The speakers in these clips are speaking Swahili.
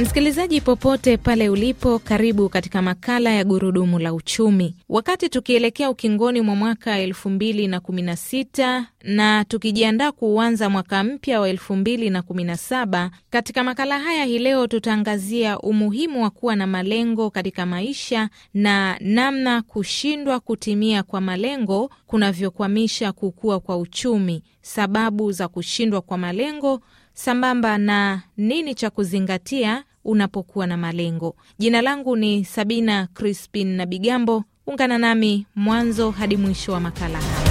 Msikilizaji popote pale ulipo, karibu katika makala ya gurudumu la uchumi. Wakati tukielekea ukingoni mwa mwaka elfu mbili na kumi na sita na tukijiandaa kuuanza mwaka mpya wa elfu mbili na kumi na saba katika makala haya hii leo tutaangazia umuhimu wa kuwa na malengo katika maisha na namna kushindwa kutimia kwa malengo kunavyokwamisha kukua kwa uchumi, sababu za kushindwa kwa malengo sambamba na nini cha kuzingatia unapokuwa na malengo. Jina langu ni Sabina Crispin na Bigambo. Ungana nami mwanzo hadi mwisho wa makala haya.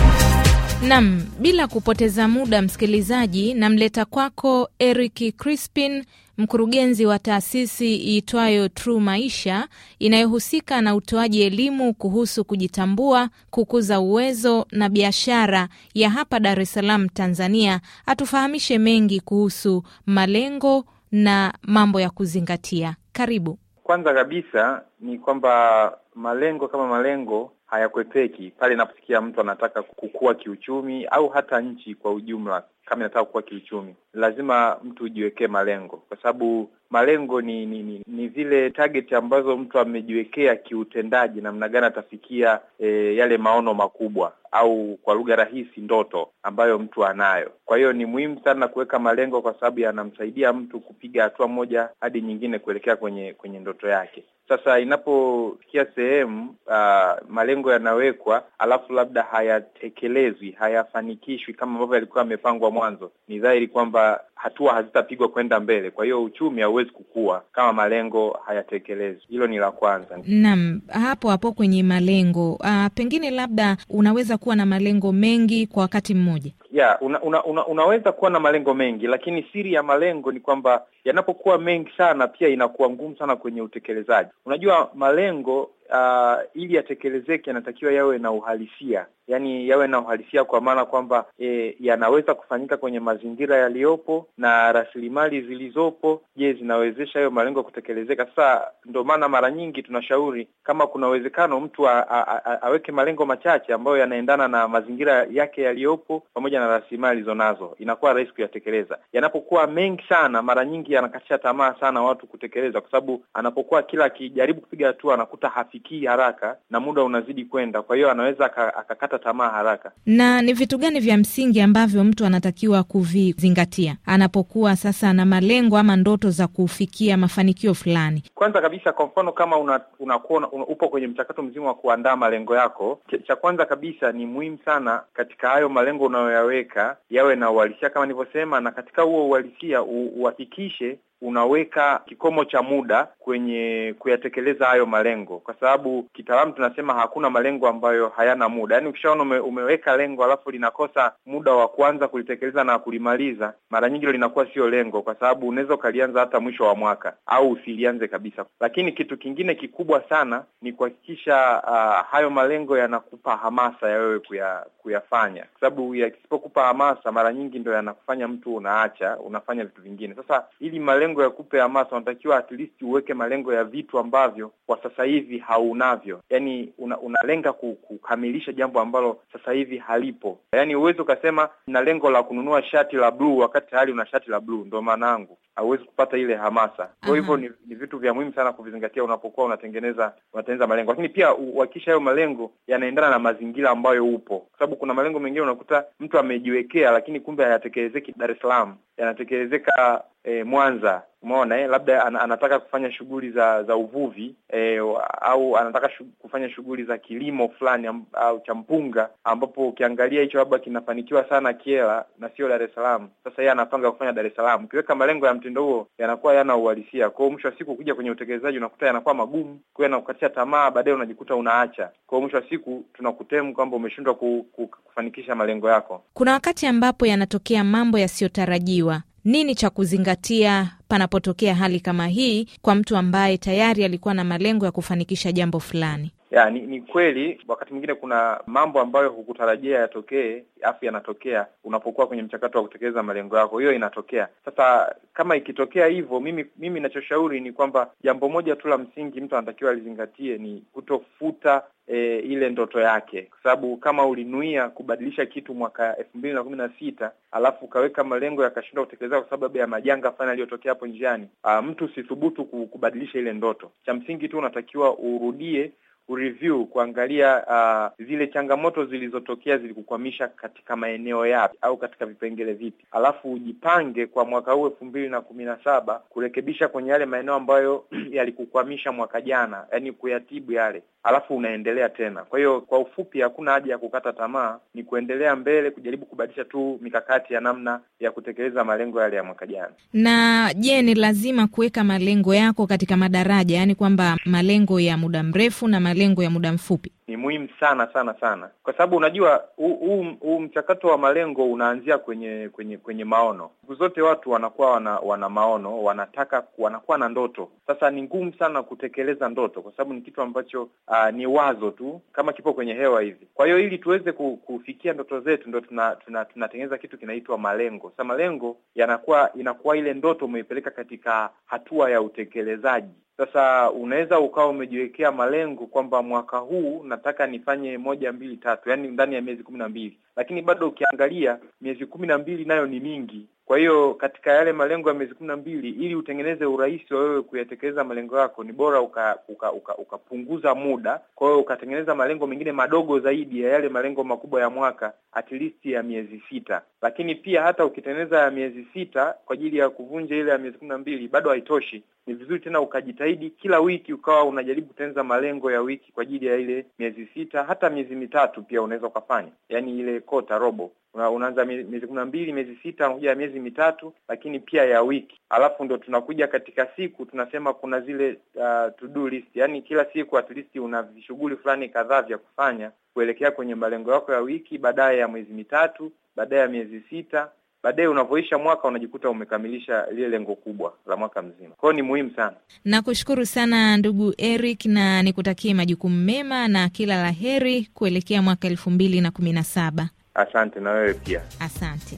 Nam, bila kupoteza muda, msikilizaji, namleta kwako Eric Crispin, mkurugenzi wa taasisi iitwayo True Maisha inayohusika na utoaji elimu kuhusu kujitambua, kukuza uwezo na biashara ya hapa Dar es Salaam, Tanzania. Atufahamishe mengi kuhusu malengo, na mambo ya kuzingatia? Karibu. Kwanza kabisa ni kwamba malengo kama malengo hayakwepeki pale inaposikia mtu anataka kukua kiuchumi au hata nchi kwa ujumla kama inataka kuwa kiuchumi, lazima mtu ujiwekee malengo, kwa sababu malengo ni ni, ni ni zile target ambazo mtu amejiwekea kiutendaji, namna gani atafikia e, yale maono makubwa au kwa lugha rahisi ndoto ambayo mtu anayo. Kwa hiyo ni muhimu sana kuweka malengo, kwa sababu yanamsaidia mtu kupiga hatua moja hadi nyingine kuelekea kwenye kwenye ndoto yake. Sasa inapofikia sehemu uh, malengo yanawekwa alafu labda hayatekelezwi, hayafanikishwi kama ambavyo yalikuwa yamepangwa mwanzo, ni dhahiri kwamba hatua hazitapigwa kwenda mbele. Kwa hiyo uchumi hauwezi kukua kama malengo hayatekelezwi. Hilo ni la kwanza. Naam, hapo hapo kwenye malengo, aa, ah, pengine labda unaweza kuwa na malengo mengi kwa wakati mmoja ya una, una, una, unaweza kuwa na malengo mengi, lakini siri ya malengo ni kwamba yanapokuwa mengi sana, pia inakuwa ngumu sana kwenye utekelezaji. Unajua malengo uh, ili yatekelezeke yanatakiwa yawe na uhalisia, yaani yawe na uhalisia kwa maana kwamba e, yanaweza kufanyika kwenye mazingira yaliyopo na rasilimali zilizopo. Je, zinawezesha hayo malengo kutekelezeka? Sasa ndo maana mara nyingi tunashauri kama kuna uwezekano mtu a, a, a, a, aweke malengo machache ambayo yanaendana na mazingira yake yaliyopo pamoja na rasilimali zonazo, inakuwa rahisi kuyatekeleza. Yanapokuwa mengi sana, mara nyingi yanakatisha tamaa sana watu kutekeleza, kwa sababu anapokuwa kila akijaribu kupiga hatua anakuta hafi hafikii haraka na muda unazidi kwenda, kwa hiyo anaweza akakata tamaa haraka. Na ni vitu gani vya msingi ambavyo mtu anatakiwa kuvizingatia anapokuwa sasa na malengo ama ndoto za kufikia mafanikio fulani? Kwanza kabisa, kwa mfano kama una, una, upo kwenye mchakato mzima wa kuandaa malengo yako, cha kwanza kabisa ni muhimu sana katika hayo malengo unayoyaweka yawe na uhalisia kama nilivyosema, na katika huo uhalisia uhakikishe unaweka kikomo cha muda kwenye kuyatekeleza hayo malengo, kwa sababu kitaalamu tunasema hakuna malengo ambayo hayana muda. Yaani ukishaona ume, umeweka lengo alafu linakosa muda wa kuanza kulitekeleza na kulimaliza, mara nyingi linakuwa sio lengo, kwa sababu unaweza ukalianza hata mwisho wa mwaka au usilianze kabisa. Lakini kitu kingine kikubwa sana ni kuhakikisha uh, hayo malengo yanakupa hamasa ya wewe kuya, kuyafanya, kwa sababu yakisipokupa hamasa, mara nyingi ndo yanakufanya mtu unaacha, unafanya vitu vingine. Sasa ili malengo malengo ya kupe hamasa unatakiwa at least uweke malengo ya vitu ambavyo kwa sasa hivi haunavyo, yaani una, unalenga kukamilisha jambo ambalo sasa hivi halipo. Yani uwezi ukasema na lengo la kununua shati la bluu wakati tayari una shati la bluu, ndo maana yangu hauwezi kupata ile hamasa. Kwa hivyo ni, ni vitu vya muhimu sana kuvizingatia unapokuwa unatengeneza unatengeneza malengo, lakini pia uhakikisha hayo malengo yanaendana na mazingira ambayo upo, kwa sababu kuna malengo mengine unakuta mtu amejiwekea, lakini kumbe hayatekelezeki Dar es Salaam, yanatekelezeka e, Mwanza umeona eh, labda anataka kufanya shughuli za za uvuvi eh, au anataka shu, kufanya shughuli za kilimo fulani am, au cha mpunga, ambapo ukiangalia hicho labda kinafanikiwa sana kiela na sio Dar es Salaam. Sasa yeye anapanga kufanya Dar es Salaam. Ukiweka malengo ya mtindo huo yanakuwa yana uhalisia, kwa hiyo mwisho wa siku ukija kwenye utekelezaji unakuta yanakuwa magumu, kwa hiyo yanakukatisha tamaa, baadaye unajikuta unaacha. Kwa hiyo mwisho wa siku tunakutemu kwamba umeshindwa ku, ku, kufanikisha malengo yako. Kuna wakati ambapo yanatokea mambo yasiyotarajiwa nini cha kuzingatia panapotokea hali kama hii kwa mtu ambaye tayari alikuwa na malengo ya kufanikisha jambo fulani? ya, ni, ni kweli wakati mwingine kuna mambo ambayo hukutarajia yatokee, afu yanatokea unapokuwa kwenye mchakato wa kutekeleza malengo yako, hiyo inatokea. Sasa kama ikitokea hivyo, mimi mimi nachoshauri ni kwamba jambo moja tu la msingi mtu anatakiwa alizingatie ni kutofuta E, ile ndoto yake kwa sababu kama ulinuia kubadilisha kitu mwaka elfu mbili na kumi na sita alafu ukaweka malengo yakashindwa kutekeleza kwa sababu ya majanga fulani yaliyotokea hapo njiani, mtu usithubutu kubadilisha ile ndoto. Cha msingi tu unatakiwa urudie kureview kuangalia uh, zile changamoto zilizotokea zilikukwamisha katika maeneo yapi au katika vipengele vipi, alafu ujipange kwa mwaka huu elfu mbili na kumi na saba kurekebisha kwenye yale maeneo ambayo yalikukwamisha mwaka jana, yani kuyatibu yale, alafu unaendelea tena. Kwa hiyo kwa ufupi, hakuna haja ya kukata tamaa, ni kuendelea mbele, kujaribu kubadilisha tu mikakati ya namna ya kutekeleza malengo yale ya mwaka jana. Na je, ni lazima kuweka malengo yako katika madaraja, yani kwamba malengo ya muda mrefu na malengo ya muda mfupi? Ni muhimu sana sana sana, kwa sababu unajua huu mchakato wa malengo unaanzia kwenye kwenye kwenye maono. Siku zote watu wanakuwa wana, wana maono, wanataka wanakuwa na ndoto. Sasa ni ngumu sana kutekeleza ndoto, kwa sababu ni kitu ambacho aa, ah, ni wazo tu kama kipo kwenye hewa hivi. Kwa hiyo ili tuweze kufikia ndoto zetu, ndo tunatengeneza tuna, tuna kitu kinaitwa malengo. Sasa malengo yanakuwa inakuwa ile ndoto umeipeleka katika hatua ya utekelezaji. Sasa unaweza ukawa umejiwekea malengo kwamba mwaka huu nataka nifanye moja mbili tatu, yani ndani ya miezi kumi na mbili, lakini bado ukiangalia miezi kumi na mbili nayo ni mingi kwa hiyo katika yale malengo ya miezi kumi na mbili, ili utengeneze urahisi wa wewe kuyatekeleza malengo yako, ni bora ukapunguza uka, uka, uka muda. Kwa hiyo ukatengeneza malengo mengine madogo zaidi ya yale malengo makubwa ya mwaka, at least ya miezi sita. Lakini pia hata ukitengeneza ya miezi sita kwa ajili ya kuvunja ile ya miezi kumi na mbili, bado haitoshi. Ni vizuri tena ukajitahidi kila wiki, ukawa unajaribu kutengeneza malengo ya wiki kwa ajili ya ile miezi sita, hata miezi mitatu pia unaweza ukafanya, yaani ile kota robo, unaanza miezi kumi na mbili, miezi sita, unakuja miezi miezi mitatu, lakini pia ya wiki. Alafu ndo tunakuja katika siku tunasema kuna zile uh, to do list, yaani kila siku at least una vishughuli fulani kadhaa vya kufanya kuelekea kwenye malengo yako ya wiki, baadaye ya mwezi mitatu, baadaye ya miezi sita baadaye unavyoisha mwaka unajikuta umekamilisha lile lengo kubwa la mwaka mzima. Kwa ni muhimu sana. Nakushukuru sana ndugu Eric na nikutakie majukumu mema na kila la heri kuelekea mwaka elfu mbili na kumi na saba. Asante na wewe pia, asante.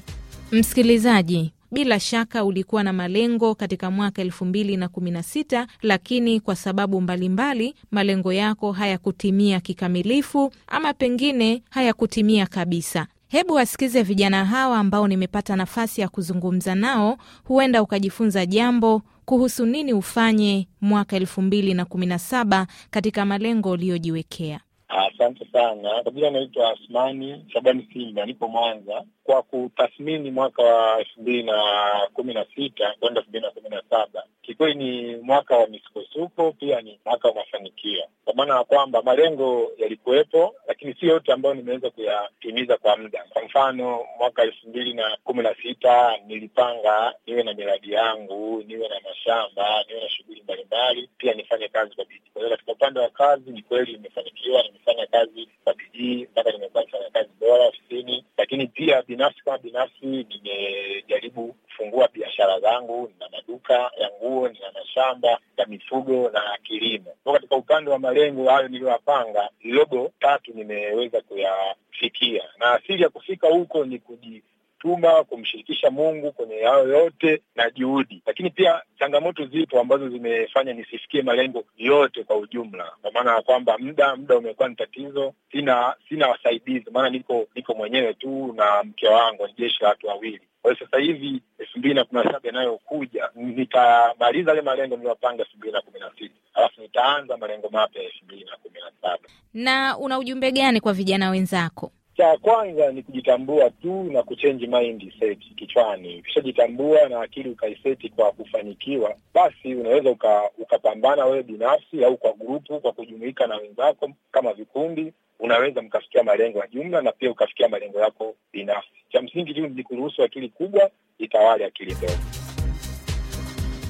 Msikilizaji, bila shaka ulikuwa na malengo katika mwaka elfu mbili na kumi na sita lakini kwa sababu mbalimbali mbali, malengo yako hayakutimia kikamilifu ama pengine hayakutimia kabisa. Hebu wasikize vijana hawa ambao nimepata nafasi ya kuzungumza nao, huenda ukajifunza jambo kuhusu nini ufanye mwaka elfu mbili na kumi na saba katika malengo uliyojiwekea. Asante sana. Kabila naitwa Asmani Shabani Simba, nipo Mwanza kwa kutathmini mwaka wa elfu mbili na kumi na sita kwenda elfu mbili na kumi na saba kikweli ni mwaka wa misukosuko, pia ni mwaka wa mafanikio, kwa maana ya kwamba malengo yalikuwepo, lakini sio yote ambayo nimeweza kuyatimiza kwa muda. Kwa mfano, mwaka elfu mbili na kumi na sita nilipanga niwe na miradi yangu, niwe na mashamba, niwe na shughuli mbalimbali, pia nifanye kazi kwa bidii. Kwa hiyo katika upande wa kazi ni kweli nimefanikiwa, nimefanya kazi kwa bidii mpaka nimekuwa nifanya kazi bora ofisini, lakini pia binafsi kama binafsi nimejaribu kufungua biashara zangu, nina maduka ya nguo, nina mashamba ya mifugo na kilimo. Kwa katika upande wa malengo hayo niliyoyapanga, logo tatu nimeweza kuyafikia, na asili ya kufika huko ni kuji kumtuma, kumshirikisha Mungu kwenye hayo yote na juhudi. Lakini pia changamoto zipo ambazo zimefanya nisifikie malengo yote kwa ujumla, kwa maana ya kwamba muda muda umekuwa ni tatizo. Sina sina wasaidizi, maana niko niko mwenyewe tu na mke wangu, ni jeshi la watu wawili. Kwa hiyo sasa hivi elfu mbili na kumi na saba inayokuja nitamaliza yale malengo niliyopanga elfu mbili na kumi na sita alafu nitaanza malengo mapya elfu mbili na kumi na saba. Na una ujumbe gani kwa vijana wenzako? Cha kwanza ni kujitambua tu na kuchange mind set kichwani. Ukishajitambua na akili ukaiseti kwa kufanikiwa, basi unaweza ukapambana wewe binafsi au kwa grupu, kwa kujumuika na wenzako kama vikundi, unaweza mkafikia malengo ya jumla na pia ukafikia malengo yako binafsi. Cha msingi tu ni kuruhusu akili kubwa itawale akili ndogo.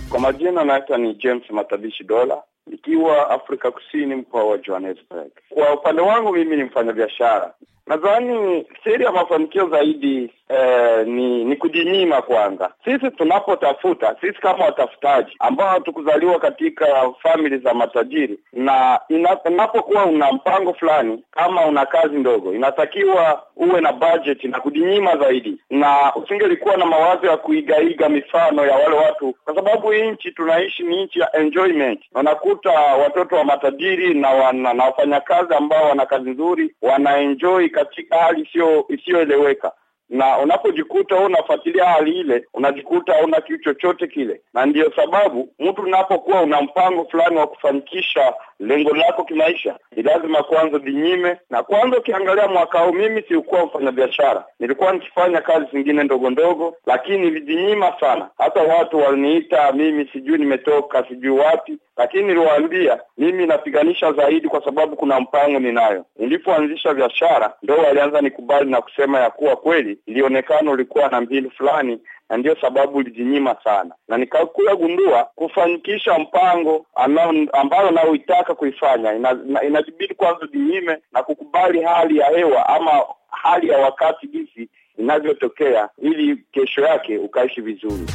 Kwa majina naitwa ni James Matabishi Dola nikiwa Afrika Kusini, mkoa wa Johannesburg. Kwa upande wangu mimi ni mfanyabiashara Nadhani siri ya mafanikio zaidi eh, ni ni kujinyima kwanza. Sisi tunapotafuta, sisi kama watafutaji ambao hatukuzaliwa katika famili za matajiri, na unapokuwa una mpango fulani, kama una kazi ndogo, inatakiwa uwe na budget na kujinyima zaidi, na usingelikuwa na mawazo ya kuigaiga mifano ya wale watu, kwa sababu nchi tunaishi ni nchi ya enjoyment. Unakuta watoto wa matajiri na wana, na wafanyakazi ambao wana kazi nzuri wanaenjoy katika hali isiyoeleweka na unapojikuta wewe unafuatilia hali ile, unajikuta una kitu chochote kile. Na ndiyo sababu mtu unapokuwa una mpango fulani wa kufanikisha lengo lako kimaisha, ni lazima kwanza vinyime. Na kwanza ukiangalia mwaka huu, mimi sikuwa mfanyabiashara, nilikuwa nikifanya kazi zingine ndogo ndogo, lakini nilijinyima sana. Hata watu waliniita mimi, sijui nimetoka sijui wapi, lakini niliwaambia mimi napiganisha zaidi kwa sababu kuna mpango ninayo. Nilipoanzisha biashara, ndo walianza nikubali na kusema ya kuwa kweli ilionekana ulikuwa na mbili fulani, na ndio sababu ulijinyima sana, na nikakuya gundua kufanikisha mpango ambao naoitaka kuifanya ina kwanza ujinyime na kukubali hali ya hewa ama hali ya wakati jinsi inavyotokea, ili kesho yake ukaishi vizuri.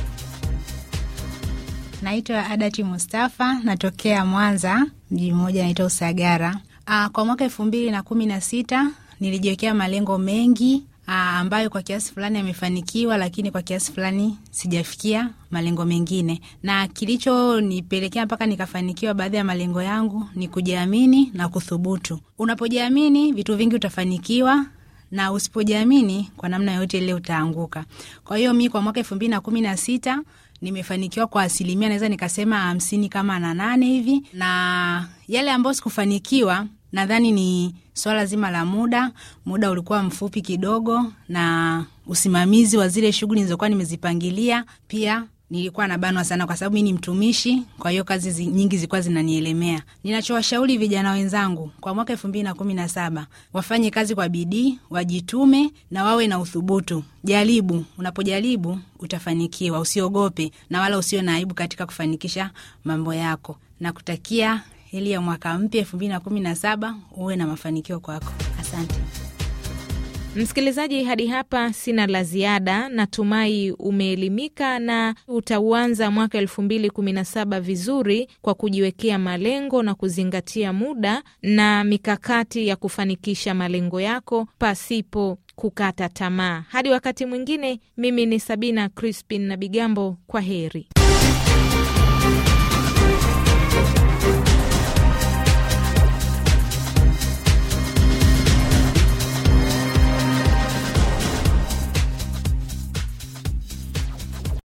Naitwa Adati Mustafa, natokea Mwanza, mji mmoja naitwa Usagara. Aa, ah, kwa mwaka elfu mbili na kumi na sita nilijiwekea malengo mengi Aa, ah, ambayo kwa kiasi fulani amefanikiwa, lakini kwa kiasi fulani sijafikia malengo mengine, na kilichonipelekea mpaka nikafanikiwa baadhi ya malengo yangu ni kujiamini na kuthubutu. Unapojiamini vitu vingi utafanikiwa na usipojiamini kwa namna yoyote ile utaanguka. Kwa hiyo mi kwa mwaka elfu mbili na kumi na sita nimefanikiwa kwa asilimia naweza nikasema hamsini kama na nane hivi, na yale ambayo sikufanikiwa nadhani ni swala zima la muda. Muda ulikuwa mfupi kidogo, na usimamizi wa zile shughuli nizokuwa nimezipangilia pia nilikuwa nabanwa sana, kwa sababu mi ni mtumishi. Kwa hiyo kazi zi, nyingi zilikuwa zinanielemea. Ninachowashauri vijana wenzangu kwa mwaka elfu mbili na kumi na saba wafanye kazi kwa bidii, wajitume na wawe na uthubutu. Jaribu, unapojaribu utafanikiwa. Usiogope na wala usio na aibu katika kufanikisha mambo yako. Nakutakia ili ya mwaka mpya elfu mbili na kumi na saba uwe na mafanikio kwako. Asante msikilizaji, hadi hapa sina la ziada. Natumai umeelimika na utauanza mwaka elfu mbili kumi na saba vizuri kwa kujiwekea malengo na kuzingatia muda na mikakati ya kufanikisha malengo yako pasipo kukata tamaa. Hadi wakati mwingine, mimi ni Sabina Crispin na Bigambo, kwa heri.